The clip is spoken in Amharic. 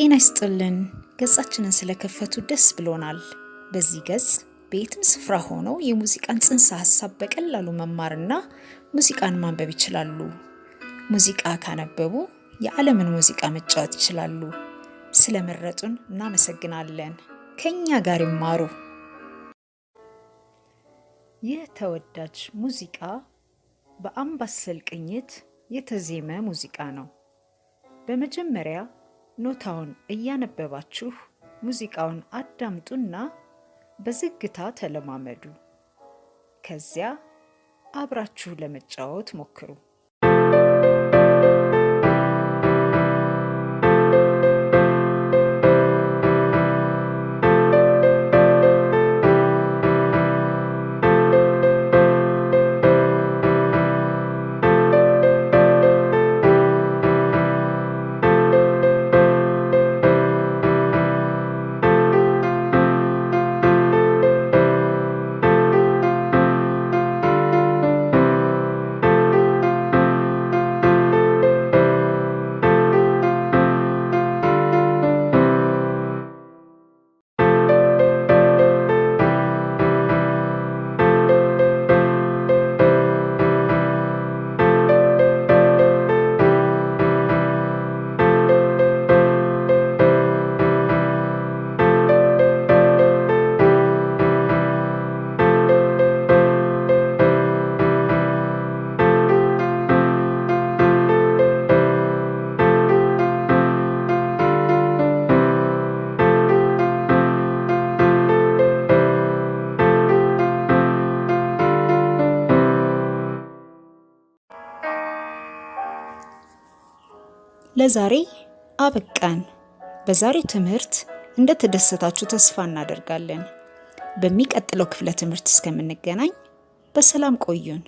ጤና ይስጥልን። ገጻችንን ስለከፈቱ ደስ ብሎናል። በዚህ ገጽ በየትም ስፍራ ሆነው የሙዚቃን ጽንሰ ሀሳብ በቀላሉ መማርና ሙዚቃን ማንበብ ይችላሉ። ሙዚቃ ካነበቡ የዓለምን ሙዚቃ መጫወት ይችላሉ። ስለመረጡን እናመሰግናለን። ከኛ ጋር ይማሩ። ይህ ተወዳጅ ሙዚቃ በአምባሰል ቅኝት የተዜመ ሙዚቃ ነው። በመጀመሪያ ኖታውን እያነበባችሁ ሙዚቃውን አዳምጡና በዝግታ ተለማመዱ። ከዚያ አብራችሁ ለመጫወት ሞክሩ። ለዛሬ አበቃን። በዛሬው ትምህርት እንደተደሰታችሁ ተስፋ እናደርጋለን። በሚቀጥለው ክፍለ ትምህርት እስከምንገናኝ በሰላም ቆዩን።